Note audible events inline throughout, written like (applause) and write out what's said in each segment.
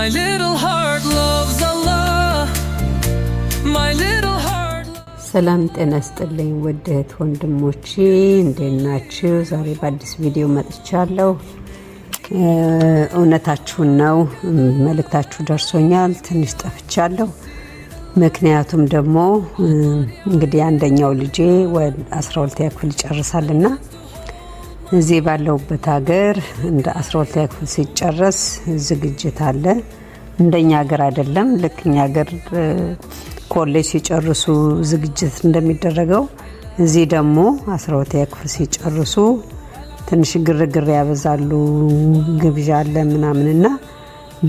My little heart loves Allah. My little heart ሰላም ጤና ስጥልኝ ውድ እህት ወንድሞቼ፣ እንዴት ናችሁ? ዛሬ በአዲስ ቪዲዮ መጥቻለሁ። እውነታችሁን ነው፣ መልእክታችሁ ደርሶኛል። ትንሽ ጠፍቻለሁ። ምክንያቱም ደግሞ እንግዲህ አንደኛው ልጄ ወደ አስራ ሁለተኛ ክፍል ይጨርሳልና እዚህ ባለሁበት ሀገር እንደ አስራ ሁለተኛ ክፍል ሲጨረስ ዝግጅት አለ። እንደኛ ሀገር አይደለም። ልክ እኛ ሀገር ኮሌጅ ሲጨርሱ ዝግጅት እንደሚደረገው እዚህ ደግሞ አስራ ሁለተኛ ክፍል ሲጨርሱ ትንሽ ግርግር ያበዛሉ። ግብዣ አለ ምናምንና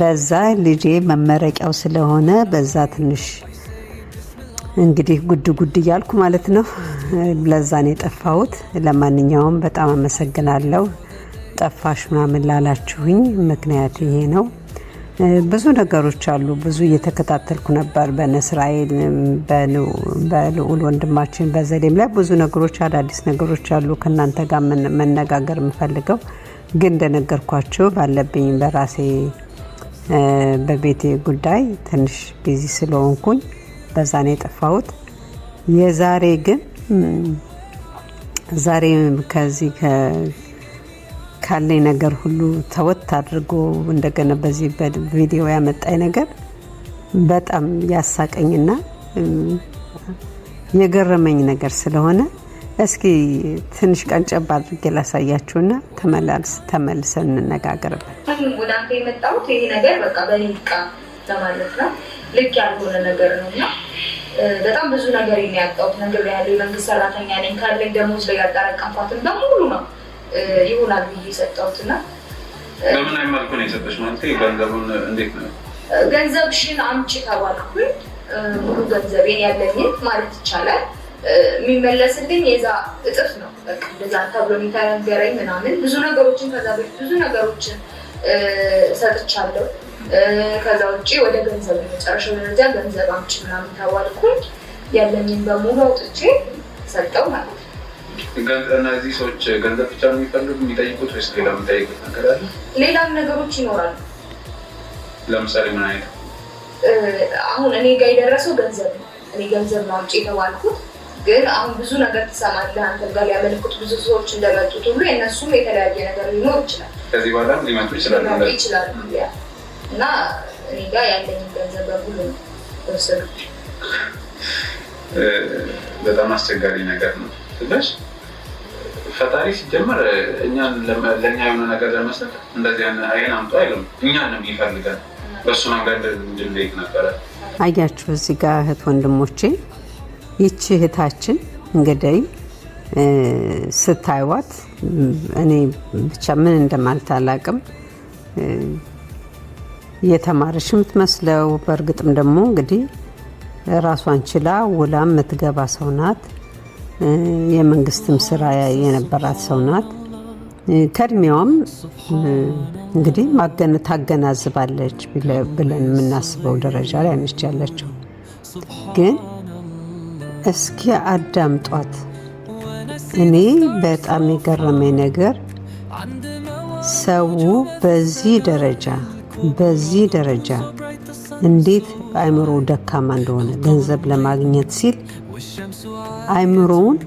በዛ ልጄ መመረቂያው ስለሆነ በዛ ትንሽ እንግዲህ ጉድ ጉድ እያልኩ ማለት ነው ለዛኔ የጠፋሁት። ለማንኛውም በጣም አመሰግናለሁ። ጠፋሽ ምናምን ላላችሁኝ ምክንያት ይሄ ነው። ብዙ ነገሮች አሉ። ብዙ እየተከታተልኩ ነበር። በእስራኤል በልዑል ወንድማችን በዘሌም ላይ ብዙ ነገሮች፣ አዳዲስ ነገሮች አሉ ከእናንተ ጋር መነጋገር የምፈልገው ግን እንደነገርኳቸው ባለብኝ በራሴ በቤቴ ጉዳይ ትንሽ ቢዚ ስለሆንኩኝ በዛ ነው የጠፋሁት። የዛሬ ግን ዛሬ ከዚህ ካለኝ ነገር ሁሉ ተወት አድርጎ እንደገና በዚህ ቪዲዮ ያመጣኝ ነገር በጣም ያሳቀኝና የገረመኝ ነገር ስለሆነ እስኪ ትንሽ ቀንጨብ አድርጌ ላሳያችሁና ተመላልስ ተመልሰን እንነጋገርበት። ወደ አንተ የመጣሁት ይሄ ነገር በቃ በቃ ለማለት ነው። ልክ ያልሆነ ነገር ነው እና በጣም ብዙ ነገር የሚያውቀው ነገር ያለው የመንግስት ሰራተኛ ነኝ ካለኝ ደሞዝ ላይ ያጠራቀምኳትን በሙሉ ነው ይሆናል ብዬ የሰጠሁት እና በምን አይ መልኩ ነው የሰጠሽ? ማለት ገንዘቡን እንዴት ነው ገንዘብሽን አምጪ ተባልኩኝ። ሙሉ ገንዘቤን ያለኝን ማለት ይቻላል የሚመለስልኝ የዛ እጥፍ ነው። እንደዛ ተብሎ የሚተነገረኝ ምናምን ብዙ ነገሮችን ከዛ በፊት ብዙ ነገሮችን ሰጥቻለሁ። ከዛ ውጭ ወደ ገንዘብ የመጨረሻ ደረጃ ገንዘብ አምጪ ምናምን ተባልኩኝ። ያለኝን በሙሉ አውጥቼ ሰጠው ማለት ነው። እነዚህ ሰዎች ገንዘብ ብቻ የሚፈልጉ የሚጠይቁት ወይስ ሌላ የሚጠይቁት ነገር አለ? ሌላም ነገሮች ይኖራሉ። ለምሳሌ ምን አይነት? አሁን እኔ ጋር የደረሰው ገንዘብ ነው። እኔ ገንዘብ ነው የተባልኩት። ግን አሁን ብዙ ነገር ትሰማለህ። አንተ ጋር ሊያመልኩት ብዙ ሰዎች እንደመጡት ሁሉ የእነሱም የተለያየ ነገር ሊኖር ይችላል። ከዚህ በኋላ ሊመጡ ይችላሉ ይችላሉ እና እኔ ጋ ያለኝ ገንዘብ በሙሉ ወሰዱት። በጣም አስቸጋሪ ነገር ነው ስለሽ ፈጣሪ ሲጀመር እኛን ለእኛ የሆነ ነገር ለመስጠት እንደዚህ ይህን አምጦ አይልም። እኛንም ይፈልጋል። በእሱ መንገድ እንድንሄድ ነበረ። አያችሁ እዚህ ጋር እህት ወንድሞቼ፣ ይቺ እህታችን እንግዲህ ስታይዋት እኔ ብቻ ምን እንደማልታላቅም እየተማረች የምትመስለው በእርግጥም ደግሞ እንግዲህ ራሷን ችላ ውላ የምትገባ ሰው ናት። የመንግስትም ስራ የነበራት ሰው ናት። ከእድሜዋም እንግዲህ ማገን ታገናዝባለች ብለን የምናስበው ደረጃ ላይ ነች ያለችው። ግን እስኪ አዳምጧት። እኔ በጣም የገረመኝ ነገር ሰው በዚህ ደረጃ በዚህ ደረጃ እንዴት አእምሮ ደካማ እንደሆነ ገንዘብ ለማግኘት ሲል አእምሮውን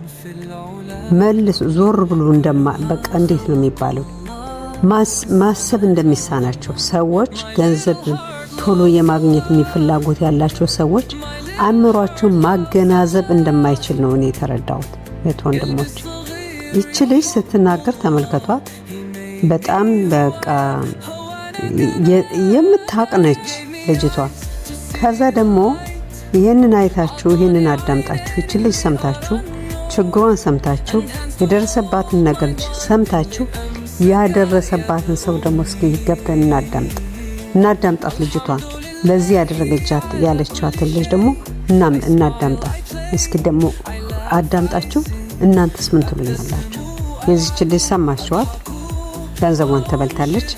መልስ ዞር ብሎ በቃ እንዴት ነው የሚባለው ማሰብ እንደሚሳናቸው ሰዎች ገንዘብ ቶሎ የማግኘት ፍላጎት ያላቸው ሰዎች አእምሯቸውን ማገናዘብ እንደማይችል ነው እኔ የተረዳሁት። ቤት ወንድሞች፣ ይቺ ልጅ ስትናገር ተመልከቷት። በጣም በቃ የምታውቅ ነች ልጅቷ። ከዛ ደግሞ ይህንን አይታችሁ ይህንን አዳምጣችሁ ይች ልጅ ሰምታችሁ ችግሯን ሰምታችሁ የደረሰባትን ነገር ሰምታችሁ ያደረሰባትን ሰው ደግሞ እስኪ ገብተን እናዳምጥ እናዳምጣት ልጅቷን ለዚህ ያደረገቻት ያለችዋትን ልጅ ደግሞ እናዳምጣት እስኪ ደግሞ አዳምጣችሁ እናንተስ ምን ትሉኛላችሁ? የዚች ልጅ ሰማችኋት? ገንዘቧን ተበልታለች።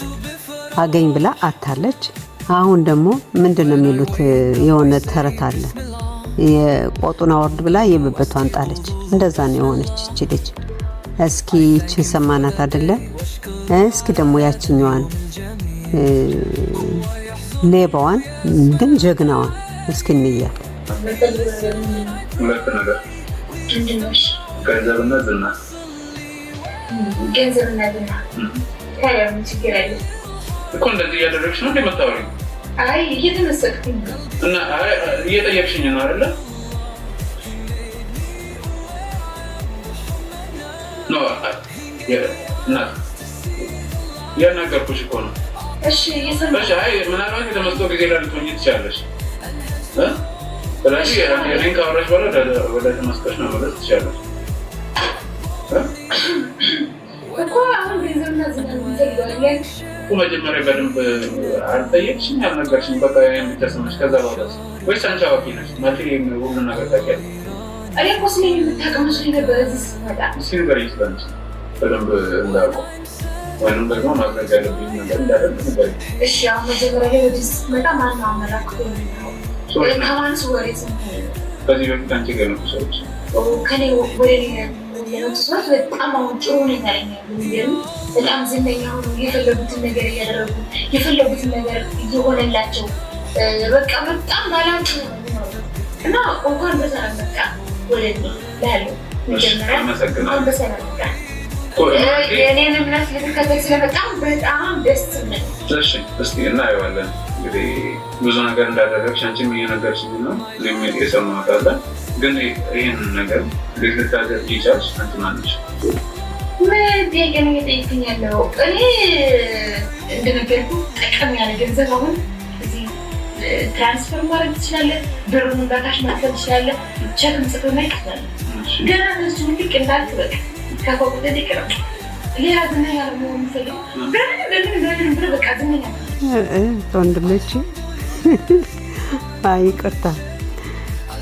አገኝ ብላ አታለች። አሁን ደግሞ ምንድን ነው የሚሉት የሆነ ተረት አለ የቆጡን አወርድ ብላ የብብቷን ጣለች። እንደዛ ነው የሆነች እቺ ልጅ። እስኪ ይችን ሰማናት አደለ? እስኪ ደግሞ ያችኛዋን ሌባዋን ግን ጀግናዋን እስኪ እንያል። ገንዘብና ዝና ገንዘብና ዝና እኮ እንደዚህ እያደረግሽ ነው እንደመታወሪው አይ እየተመሰጥኩኝ እና እየጠየቅሽኝ ነው አይደለ? እያናገርኩሽ እኮ ነው። ምናልባት የተመስጦ ጊዜ ላልትሆኝ ትችላለሽ። ስለዚህ እኔን ካወራሽ በኋላ ወደ ተመስጦች መመለስ ትችላለሽ እኮ አሁን መጀመሪያ በደንብ አልጠየቅሽም፣ ያልነገርሽም በቃ ያን ብቻ ሰማሽ። ከዛ በኋላ ወይስ አንቺ አዋቂ ነሽ መቼ ሁሉ ነገር ታውቂያለሽ? እኔ እኮ ስለ የምታውቅ መስሎኝ ነበር። እዚህ ስመጣ እስኪ ንገረኝ ስለምሽ በደንብ እንዳውቀው ወይም ደግሞ ማድረግ ያለብኝ ነገር እንዳደርግ ንገረኝ። እሺ፣ አሁን መጀመሪያ ላይ ወደዚህ ስትመጣ ማነው አመላክቶ ከማንስ ወሬ ከዚህ በፊት አንቺ ጋር የመጡ ሰዎች ከኔ ወደ ሌላ የመጡ ሰዎች በጣም አሁን ጥሩ ሁኔታ ላይ ነው የሚገርምህ በጣም ዝነኛ ሆኑ የፈለጉትን ነገር እያደረጉ የፈለጉትን ነገር እየሆነላቸው በቃ በጣም ባላንቱ እና እንኳን በሰላም በቃ ወደ ላለ መጀመሪያ አሁን በሰላም በቃ የእኔን እምነት ልትከተል ስለ በጣም በጣም ደስ ምን እስኪ እናየዋለን። እንግዲህ ብዙ ነገር እንዳደረግሽ አንቺም ይሄ ነገር እኔም ነው ግን ይህን ነገር ልታደርጊ ይቻልሽ አንቺ ምን እየጠየቀኝ ያለው? እኔ እንደነገርኩ ጠቀም ያለ ገንዘብ አሁን እዚህ ትራንስፈር ማድረግ ትችላለህ፣ ብሩን በካሽ ማከል ትችላለህ፣ ቸክ ምጽፍ ማ ይችላለ ገና ነሱ ልቅ እንዳልክ በቃ ከቆቁጠ ይቅረብ ሌላ ዝነኛ ለመሆን የሚፈልግ በምን በምን በምን ብር በቃ ዝነኛ ወንድሞች ይቅርታ፣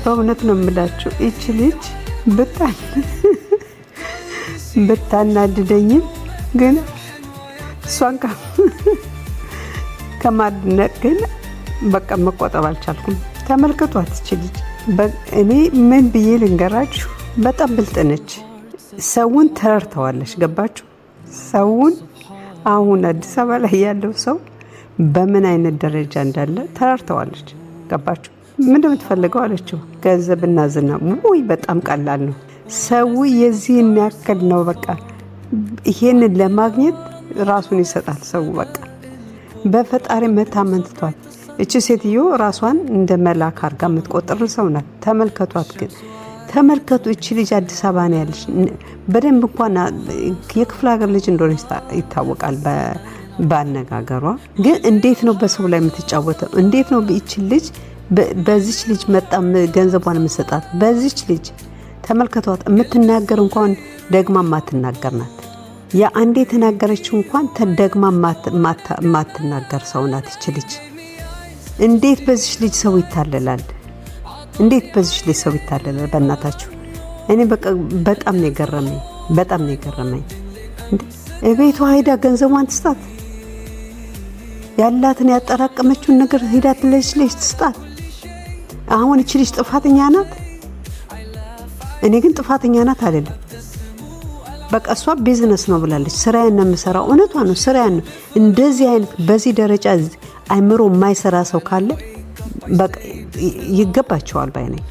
በእውነት ነው የምላችሁ ይች ልጅ በጣም ብታናድደኝም ግን እሷን ከማድነቅ ግን በቃ መቆጠብ አልቻልኩም። ተመልክቷት ትችልች እኔ ምን ብዬ ልንገራችሁ፣ በጣም ብልጥ ነች። ሰውን ተረድተዋለች። ገባችሁ? ሰውን አሁን አዲስ አበባ ላይ ያለው ሰው በምን አይነት ደረጃ እንዳለ ተረድተዋለች። ገባችሁ? ምንድን የምትፈልገው አለችው። ገንዘብና ዝና። ውይ በጣም ቀላል ነው። ሰው የዚህን ያክል ነው። በቃ ይሄንን ለማግኘት ራሱን ይሰጣል። ሰው በቃ በፈጣሪ መታመን ትቷል። እቺ ሴትዮ ራሷን እንደ መላክ አርጋ የምትቆጥር ሰው ናት። ተመልከቷት ግን ተመልከቱ። እቺ ልጅ አዲስ አበባ ነው ያለች። በደንብ እንኳን የክፍለ ሀገር ልጅ እንደሆነ ይታወቃል ባነጋገሯ። ግን እንዴት ነው በሰው ላይ የምትጫወተው? እንዴት ነው ይቺ ልጅ በዚች ልጅ መጣ ገንዘቧን የምትሰጣት በዚች ልጅ ተመልከቷት። የምትናገር እንኳን ደግማ ማትናገር ናት። አንዴ የተናገረችው እንኳን ደግማ ማትናገር ሰው ናት። ይች ልጅ እንዴት በዚች ልጅ ሰው ይታለላል? እንዴት በዚች ልጅ ሰው ይታለላል? በእናታችሁ እኔ በጣም ነው የገረመኝ። በጣም ነው የገረመኝ። እቤቷ ሄዳ ገንዘቧን ትስጣት፣ ያላትን ያጠራቀመችውን ነገር ሄዳ ትለች ልጅ ትስጣት። አሁን ይች ልጅ ጥፋተኛ ናት። እኔ ግን ጥፋተኛ ናት አይደለም። በቃ እሷ ቢዝነስ ነው ብላለች። ስራዬን ነው የምሰራው። እውነቷ ነው፣ ስራዬን ነው። እንደዚህ አይነት በዚህ ደረጃ አይምሮ የማይሰራ ሰው ካለ ይገባቸዋል ባይ ነኝ፣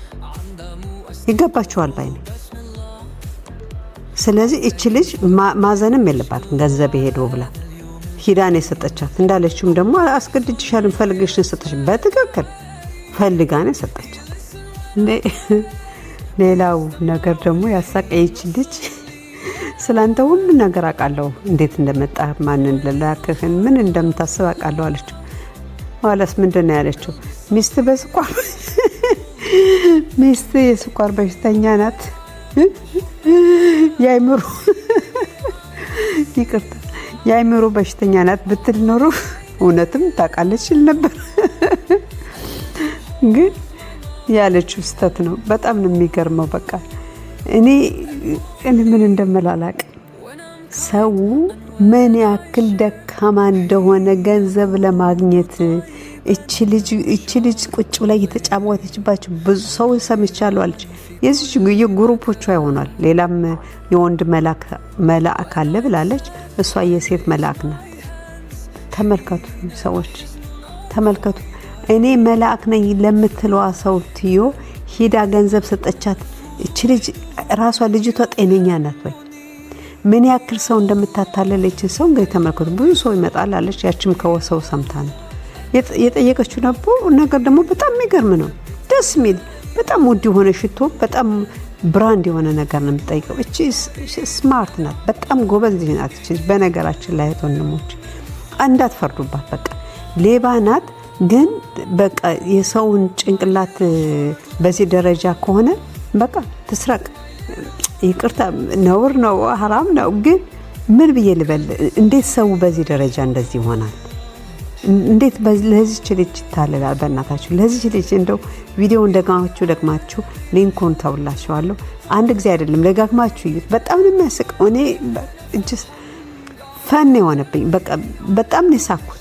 ይገባቸዋል ባይ ነኝ። ስለዚህ እች ልጅ ማዘንም የለባትም ገንዘብ ሄዶ ብላ ሂዳን የሰጠቻት እንዳለችውም ደግሞ አስገድጅሻልን ፈልግሽን ሰጠች። በትክክል ፈልጋን የሰጠቻት ሌላው ነገር ደግሞ ያሳቀየች ልጅ ስላንተ ሁሉ ነገር አውቃለሁ፣ እንዴት እንደመጣ ማንን ለላክህን ምን እንደምታስብ አውቃለሁ አለችው። ኋላስ ምንድን ነው ያለችው? ሚስት በስኳር (laughs) ሚስት የስኳር በሽተኛ ናት። (laughs) የአይምሮ (laughs) ይቅርታ፣ የአይምሮ በሽተኛ ናት ብትል ኖሮ እውነትም ታውቃለች ይል ነበር ግን ያለችው ስህተት ነው። በጣም ነው የሚገርመው። በቃ እኔ ምን እንደመላላቅ ሰው ምን ያክል ደካማ እንደሆነ ገንዘብ ለማግኘት እቺ ልጅ ቁጭ ላይ እየተጫወተችባቸው ብዙ ሰው ሰምቻለሁ አለች። የዚች የግሩፖቿ ይሆኗል። ሌላም የወንድ መልአክ አለ ብላለች። እሷ የሴት መላእክ ናት። ተመልከቱ ሰዎች ተመልከቱ። እኔ መልአክ ነኝ ለምትለዋ ሰው ትዮ ሂዳ ገንዘብ ሰጠቻት። እች ልጅ ራሷ ልጅቷ ጤነኛ ናት ወይ? ምን ያክል ሰው እንደምታታለለችን ሰው እንግዲህ ተመልከቱ። ብዙ ሰው ይመጣል አለች። ያችም ከወሰው ሰምታ ነው የጠየቀችው። ነቦ ነገር ደግሞ በጣም የሚገርም ነው። ደስ የሚል በጣም ውድ የሆነ ሽቶ፣ በጣም ብራንድ የሆነ ነገር ነው የምጠይቀው። እቺ ስማርት ናት፣ በጣም ጎበዝ ልጅ ናት። በነገራችን ላይ ወንድሞች እንዳትፈርዱባት፣ በቃ ሌባ ናት ግን በቃ የሰውን ጭንቅላት በዚህ ደረጃ ከሆነ በቃ ትስረቅ፣ ይቅርታ፣ ነውር ነው፣ ሀራም ነው። ግን ምን ብዬ ልበል? እንዴት ሰው በዚህ ደረጃ እንደዚህ ይሆናል? እንዴት ለዚች ልጅ ይታለላል? በእናታችሁ ለዚች ልጅ እንደው ቪዲዮውን ደግማችሁ ደግማችሁ ሊንኮን ተውላችኋለሁ። አንድ ጊዜ አይደለም ደጋግማችሁ እዩት። በጣም ነው የሚያስቀው። እኔ ፈን የሆነብኝ በጣም ነው የሳኩት።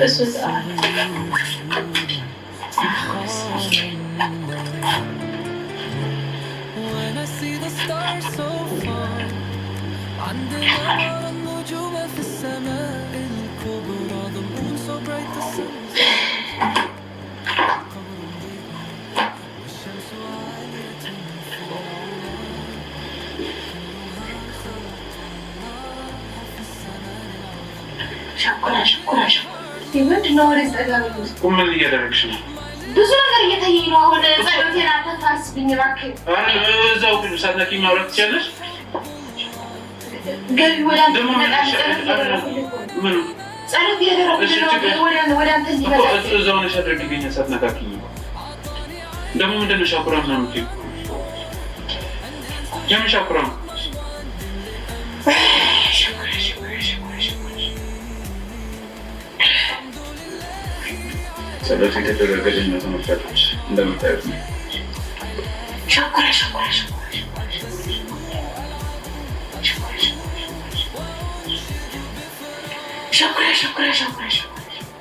This was Pessoal. When I see the stars so far, under the ምንድን ነው ወደ ቁም ምን እያደረግሽ ነው? ብዙ ነገር እየታየኝ ነው። አሁን ጸሎቴን እባክህ። እዛው ግን ማውራት ትችያለሽ። ገቢ ወደ አንተ ጸሎት ነው። ወደ አንተ እዛው ነሽ ደግሞ ምንድን ነው ሻኩራ ምናምን የምን ሻኩራ ነው? ስለዚህ የተደረገልኝ ነው ተመልካቾች፣ እንደምታዩት ነው። ሸኮረ ሸኮረ ሸኮረ ሸኮረ ሸኮረ ሸኮረ ሸኮረ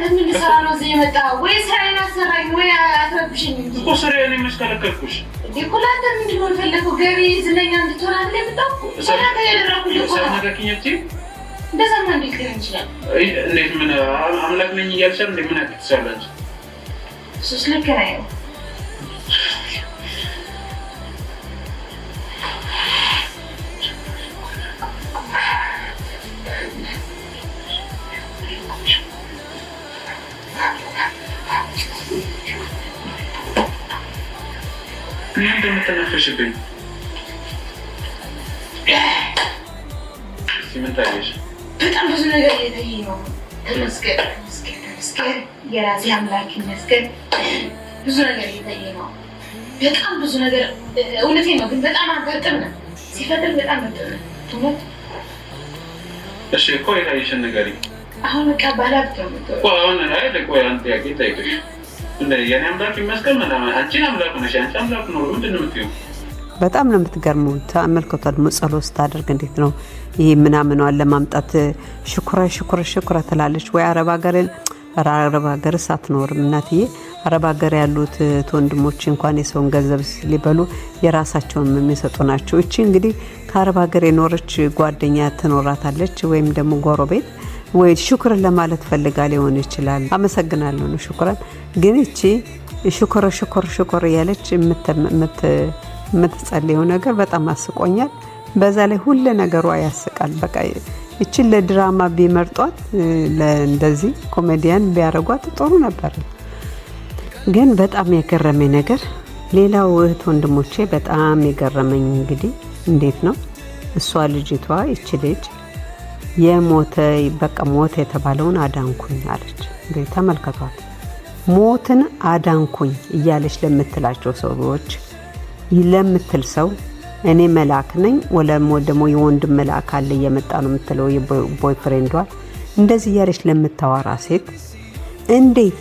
ምን ልሰራ ነው እዚህ የመጣኸው? ወይ ስራዬን አሰራኝ ወይ አትረብሽኝ። እኮ ስራዬን የማስከለከልኩሽ የኮላንተር ምንድን ነው የፈለገው? ገቢ ዝነኛ እንድትሆን አለ የምታው ኮላንተር ያደረኩልህ እኮ እንደዛማ እንዴት ሊሆን ይችላል? እንዴት ምን አምላክ ነኝ እያልሻል? እንዴት ምን አትሳላችሁ? እሱስ ልክ ነው። ምን እንደምትነፈሽብኝ በጣም ብዙ ነገር እየታየ ነው። ተመስገን ተመስገን ተመስገን፣ የራሴ አምላክ ይመስገን። ብዙ ነገር እየታየ ነው። በጣም ብዙ ነገር እውነቴ ነው፣ ግን በጣም አጋጥም ነው ሲፈጥር በጣም በጥም ነው። እሺ እኮ የታየሽን ነገር አሁን በቃ ባላብተው አሁን ላይ ለቆ ያን ጥያቄ ጠይቅሽ የኔ አምላክ ይመስገን አንቺን አምላክ ነሽ፣ አንቺ አምላክ ምንድን ነው የምትይው? በጣም ነው የምትገርመው። ተመልከቷ ደግሞ ጸሎ ስታደርግ እንዴት ነው ይህ ምናምኗን ለማምጣት ሽኩራ ሽኩረ ሽኩረ ትላለች። ወይ አረብ ሀገር አረብ ሀገር ሳትኖርም እናትዬ፣ አረብ ሀገር ያሉት ወንድሞች እንኳን የሰውን ገንዘብ ሊበሉ የራሳቸውን የሚሰጡ ናቸው። እቺ እንግዲህ ከአረብ ሀገር የኖረች ጓደኛ ትኖራታለች ወይም ደግሞ ጎረቤት ወይ ሹክርን ለማለት ፈልጋ ሊሆን ይችላል። አመሰግናለሁ ነው ሹክረን። ግን እቺ ሹክር ሽኩር ሽኩር እያለች የምትጸልየው ነገር በጣም አስቆኛል። በዛ ላይ ሁለ ነገሯ ያስቃል። በቃ እችን ለድራማ ቢመርጧት እንደዚህ ኮሜዲያን ቢያደርጓት ጥሩ ነበር። ግን በጣም የገረመኝ ነገር ሌላው እህት ወንድሞቼ በጣም የገረመኝ እንግዲህ እንዴት ነው እሷ ልጅቷ እች ልጅ የሞተ በቃ ሞት የተባለውን አዳንኩኝ አለች። እንግዲህ ተመልከቷት። ሞትን አዳንኩኝ እያለች ለምትላቸው ሰዎች ለምትል ሰው እኔ መልአክ ነኝ ወለሞ ደግሞ የወንድም መልአክ አለ እየመጣ ነው የምትለው ቦይፍሬንዷ እንደዚህ እያለች ለምታወራ ሴት እንዴት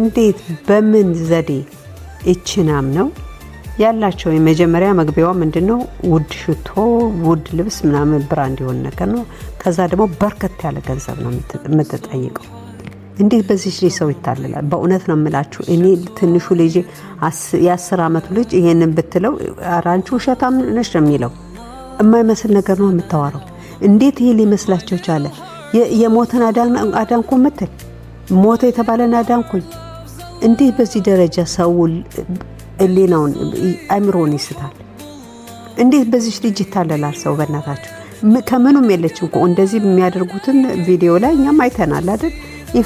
እንዴት በምን ዘዴ እችናም ነው ያላቸው የመጀመሪያ መግቢያዋ ምንድን ነው? ውድ ሽቶ፣ ውድ ልብስ ምናምን ብራንድ የሆነ ነገር ነው። ከዛ ደግሞ በርከት ያለ ገንዘብ ነው የምትጠይቀው። እንዴት በዚህ ልጅ ሰው ይታልላል? በእውነት ነው የምላችሁ። እኔ ትንሹ ልጅ የአስር ዓመቱ ልጅ ይሄንን ብትለው አራንቺ ውሸታም ነሽ ነው የሚለው። የማይመስል ነገር ነው የምታወራው። እንዴት ይሄ ሊመስላቸው ቻለ? የሞተን አዳንኩ ምትል ሞተ የተባለን አዳንኩኝ። እንዴት በዚህ ደረጃ ሰው ሌናውን አእምሮን ይስታል። እንዴት በዚች ልጅ ይታለላል ሰው? በእናታቸው ከምኑም የለች እኮ እንደዚህ የሚያደርጉትን ቪዲዮ ላይ እኛም አይተናል አይደል?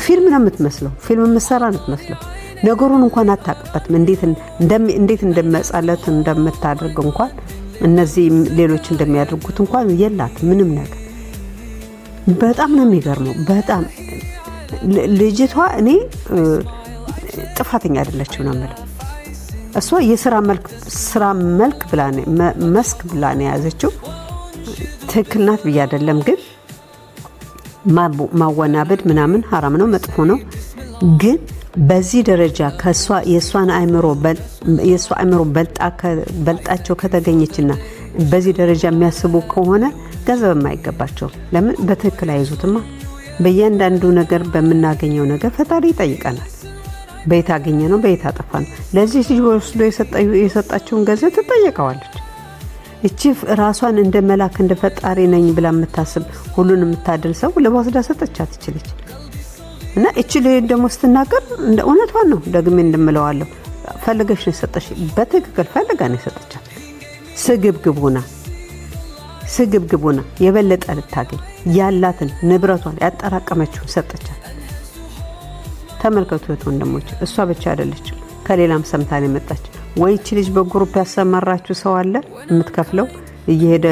ፊልም ነው የምትመስለው፣ ፊልም የምትሰራ ነው የምትመስለው። ነገሩን እንኳን አታውቅበትም፣ እንዴት እንደመጸለት እንደምታደርግ እንኳን እነዚህ ሌሎች እንደሚያደርጉት እንኳን የላት ምንም ነገር። በጣም ነው የሚገርመው። በጣም ልጅቷ እኔ ጥፋተኛ አይደለችው ነው የምለው እሷ የስራ መልክ ስራ መልክ ብላ መስክ ብላ ነው የያዘችው። ትክክል ናት ብዬ አይደለም፣ ግን ማወናበድ ምናምን ሀራም ነው መጥፎ ነው። ግን በዚህ ደረጃ ከእሷ የእሷን አእምሮ የእሷ አእምሮ በልጣቸው ከተገኘችና በዚህ ደረጃ የሚያስቡ ከሆነ ገንዘብ የማይገባቸው ለምን በትክክል አይዙትማ። በእያንዳንዱ ነገር በምናገኘው ነገር ፈጣሪ ይጠይቀናል። በየት አገኘ ነው በየት አጠፋ ነው። ለዚህ ልጅ ወስዶ የሰጣችውን ገንዘብ ትጠየቀዋለች። እቺ ራሷን እንደ መላክ እንደ ፈጣሪ ነኝ ብላ የምታስብ ሁሉን የምታድል ሰው ለወስዳ ሰጠቻት ትችለች እና እቺ ልጅ ደግሞ ስትናገር እንደ እውነቷን ነው ደግሜ እንደምለዋለሁ ፈልገሽ ነው የሰጠሽ። በትክክል ፈልጋ ነው የሰጠቻት። ስግብግቡና ስግብግቡና የበለጠ ልታገኝ ያላትን ንብረቷን ያጠራቀመችውን ሰጠቻት። ተመልከቱ እህት ወንድሞች፣ እሷ ብቻ አይደለችም፣ ከሌላም ሰምታን የመጣች ወይ ይቺ ልጅ በግሩፕ ያሰማራችሁ ሰው አለ የምትከፍለው እየሄደ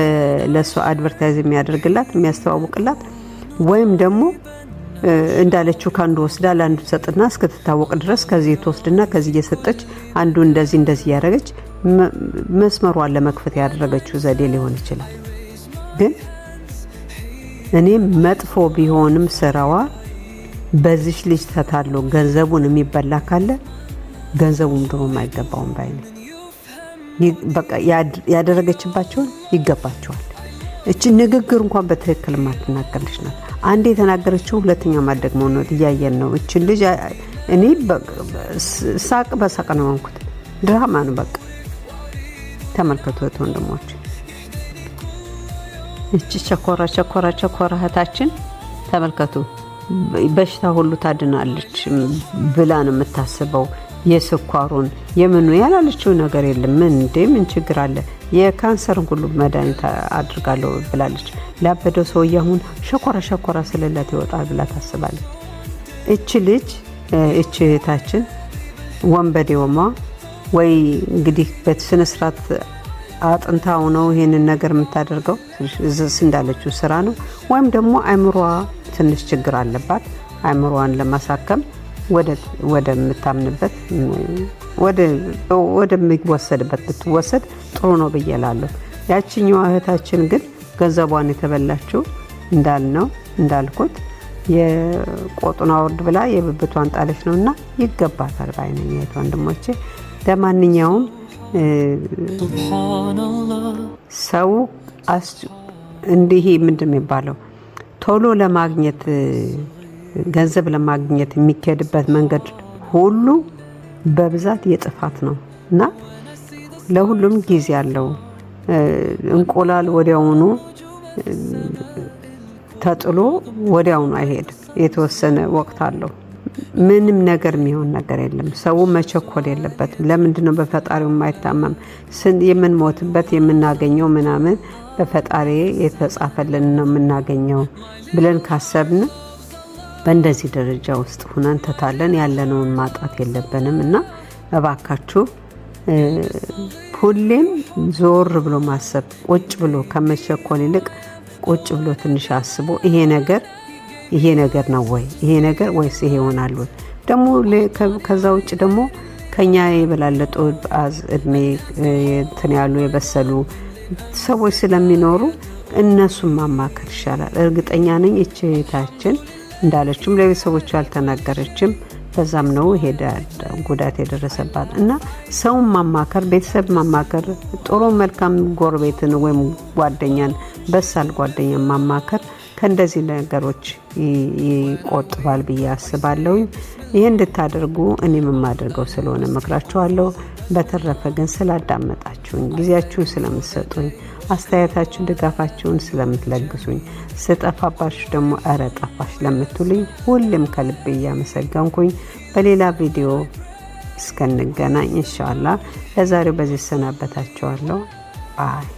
ለእሷ አድቨርታይዝ የሚያደርግላት የሚያስተዋውቅላት፣ ወይም ደግሞ እንዳለችው ከአንዱ ወስዳ ለአንዱ ሰጥና እስክትታወቅ ድረስ ከዚህ ትወስድና ከዚህ እየሰጠች አንዱ እንደዚህ እንደዚህ እያደረገች መስመሯን ለመክፈት ያደረገችው ዘዴ ሊሆን ይችላል። ግን እኔም መጥፎ ቢሆንም ስራዋ በዚች ልጅ ተታሎ ገንዘቡን የሚበላ ካለ ገንዘቡም ድሮም አይገባውም ባይ ነው። ያደረገችባቸውን ይገባቸዋል። እች ንግግር እንኳን በትክክል ማትናገርልሽ ናት። አንድ የተናገረችው ሁለተኛ ማድረግ ነው እያየን ነው። እችን ልጅ እኔ ሳቅ በሳቅ ነው አንኩት። ድራማ ነው በቃ ተመልከቱ እህት ወንድሞች። እች ቸኮራ ቸኮራ ቸኮራ እህታችን ተመልከቱ። በሽታ ሁሉ ታድናለች ብላ ነው የምታስበው። የስኳሩን የምኑ ያላለችው ነገር የለም። ምን እንዴ ምን ችግር አለ? የካንሰርን ሁሉ መድኃኒት አድርጋለሁ ብላለች። ላበደው ሰውዬ ሁን ሸኮራ ሸኮራ ስለላት ይወጣል ብላ ታስባለች። እች ልጅ እች እህታችን ወንበዴ ወማ ወይ እንግዲህ በስነስርዓት አጥንታው ነው ይሄንን ነገር የምታደርገው እንዳለችው ስራ ነው። ወይም ደግሞ አይምሯ ትንሽ ችግር አለባት። አይምሯን ለማሳከም ወደምታምንበት ወደሚወሰድበት ብትወሰድ ጥሩ ነው ብዬ እላለሁ። ያችኛዋ እህታችን ግን ገንዘቧን የተበላችው እንዳልነው እንዳልኩት የቆጡን አውርድ ብላ የብብቷን ጣለች ነው እና ይገባታል በአይነኛ ወንድሞቼ ለማንኛውም ሰው እንዲህ ምንድን የሚባለው ቶሎ ለማግኘት ገንዘብ ለማግኘት የሚካሄድበት መንገድ ሁሉ በብዛት የጥፋት ነው እና ለሁሉም ጊዜ አለው። እንቁላል ወዲያውኑ ተጥሎ ወዲያውኑ አይሄድም። የተወሰነ ወቅት አለው። ምንም ነገር የሚሆን ነገር የለም። ሰው መቸኮል የለበትም። ለምንድን ነው በፈጣሪው የማይታመም የምንሞትበት የምናገኘው ምናምን በፈጣሪ የተጻፈልን ነው የምናገኘው ብለን ካሰብን በእንደዚህ ደረጃ ውስጥ ሁነን ተታለን ያለነውን ማጣት የለብንም እና እባካችሁ ሁሌም ዞር ብሎ ማሰብ ቁጭ ብሎ ከመቸኮል ይልቅ ቁጭ ብሎ ትንሽ አስቦ ይሄ ነገር ይሄ ነገር ነው ወይ ይሄ ነገር ወይስ ይሄ ይሆናሉ? ደግሞ ከዛ ውጭ ደግሞ ከኛ የበላለጡ እድሜ እንትን ያሉ የበሰሉ ሰዎች ስለሚኖሩ እነሱን ማማከር ይሻላል። እርግጠኛ ነኝ እችታችን እንዳለችም ለቤተሰቦቹ አልተናገረችም። በዛም ነው ይሄ ጉዳት የደረሰባት እና ሰውን ማማከር፣ ቤተሰብ ማማከር፣ ጥሩ መልካም ጎረቤትን ወይም ጓደኛን፣ በሳል ጓደኛን ማማከር ከእንደዚህ ነገሮች ይቆጥባል ብዬ አስባለሁ። ይህ እንድታደርጉ እኔም የማደርገው ስለሆነ መክራችኋለሁ። በተረፈ ግን ስላዳመጣችሁኝ፣ ጊዜያችሁን ስለምትሰጡኝ፣ አስተያየታችሁን፣ ድጋፋችሁን ስለምትለግሱኝ፣ ስጠፋባችሁ ደግሞ እረ ጠፋሽ ለምትሉኝ ሁሌም ከልቤ እያመሰገንኩኝ በሌላ ቪዲዮ እስከንገናኝ እንሻላ ለዛሬው በዚህ እሰናበታችኋለሁ። አይ